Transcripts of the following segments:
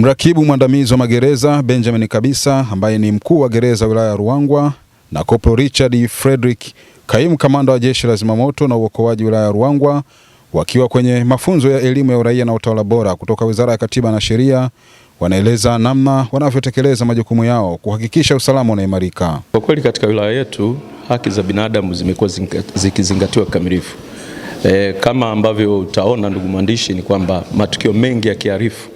Mrakibu mwandamizi wa magereza Benjamin Kabisa ambaye ni mkuu wa gereza wilaya ya Ruangwa na Koplo Richard Frederick, kaimu kamanda wa jeshi la zimamoto na uokoaji wilaya ya Ruangwa, wakiwa kwenye mafunzo ya elimu ya uraia na utawala bora kutoka Wizara ya Katiba na Sheria, wanaeleza namna wanavyotekeleza majukumu yao kuhakikisha usalama unaimarika. Kwa kweli katika wilaya yetu haki za binadamu zimekuwa zikizingatiwa kikamilifu. E, kama ambavyo utaona ndugu mwandishi, ni kwamba matukio mengi ya kiarifu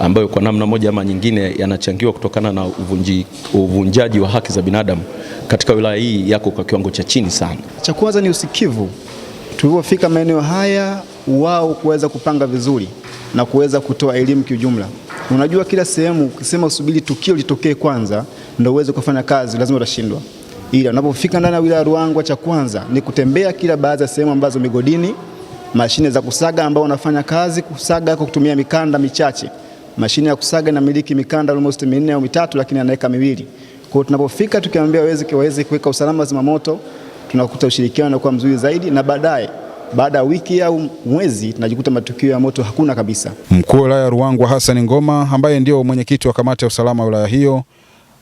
ambayo kwa namna moja ama nyingine yanachangiwa kutokana na uvunji, uvunjaji wa haki za binadamu katika wilaya hii yako kwa kiwango cha chini sana. Cha kwanza ni usikivu, tulipofika maeneo haya wao kuweza kupanga vizuri na kuweza kutoa elimu kiujumla. Unajua, kila sehemu ukisema usubiri tukio litokee kwanza ndio uweze kufanya kazi, lazima utashindwa. Ila unapofika ndani ya wilaya Ruangwa, cha kwanza ni kutembea kila baadhi ya sehemu ambazo migodini, mashine za kusaga ambao wanafanya kazi kusaga kwa kutumia mikanda michache Mashine ya kusaga inamiliki mikanda almost minne au mitatu, lakini anaweka miwili. Kwa tunapofika tukiambia waweze kuweka usalama zimamoto, tunakuta ushirikiano unakuwa mzuri zaidi, na baadaye baada ya wiki au mwezi tunajikuta matukio ya moto hakuna kabisa. Mkuu wa wilaya ya Ruangwa Hassan Ngoma ambaye ndio mwenyekiti wa kamati ya usalama wa wilaya hiyo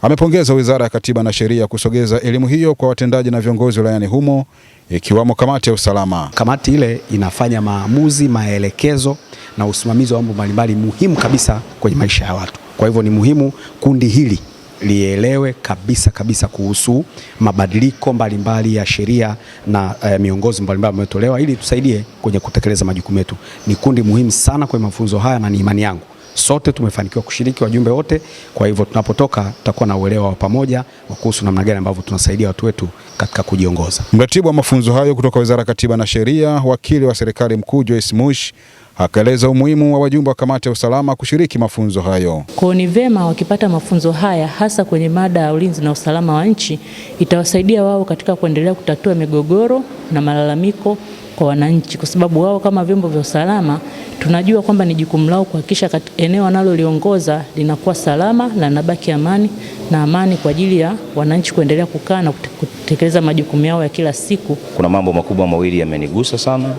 Amepongeza Wizara ya Katiba na Sheria kusogeza elimu hiyo kwa watendaji na viongozi wilayani humo ikiwamo kamati ya usalama. Kamati ile inafanya maamuzi, maelekezo na usimamizi wa mambo mbalimbali muhimu kabisa kwenye maisha ya watu. Kwa hivyo ni muhimu kundi hili lielewe kabisa kabisa kuhusu mabadiliko mbalimbali ya sheria na e, miongozo mbalimbali ambayo imetolewa ili tusaidie kwenye kutekeleza majukumu yetu. Ni kundi muhimu sana kwenye mafunzo haya na ni imani yangu sote tumefanikiwa kushiriki wajumbe wote. Kwa hivyo tunapotoka tutakuwa na uelewa wa pamoja wa kuhusu namna gani ambavyo tunasaidia watu wetu katika kujiongoza. Mratibu wa mafunzo hayo kutoka Wizara ya Katiba na Sheria, wakili wa serikali mkuu Joyce Mush akaeleza umuhimu wa wajumbe wa kamati ya usalama kushiriki mafunzo hayo. Kwa ni vema wakipata mafunzo haya hasa kwenye mada ya ulinzi na usalama wa nchi, itawasaidia wao katika kuendelea kutatua migogoro na malalamiko kwa wananchi, kwa sababu wao kama vyombo vya usalama tunajua kwamba ni jukumu lao kuhakikisha eneo wanaloliongoza linakuwa salama na linabaki amani na amani kwa ajili ya wananchi kuendelea kukaa na kutekeleza majukumu yao ya kila siku. Kuna mambo makubwa mawili yamenigusa sana.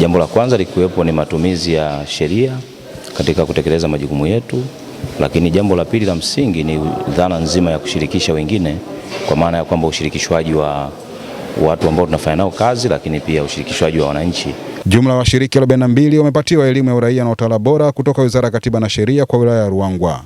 Jambo la kwanza likiwepo ni matumizi ya sheria katika kutekeleza majukumu yetu, lakini jambo la pili la msingi ni dhana nzima ya kushirikisha wengine, kwa maana ya kwamba ushirikishwaji wa watu ambao tunafanya nao kazi, lakini pia ushirikishwaji wa wananchi. Jumla washiriki 42 wamepatiwa elimu ya uraia na utawala bora kutoka Wizara ya Katiba na Sheria kwa wilaya ya Ruangwa.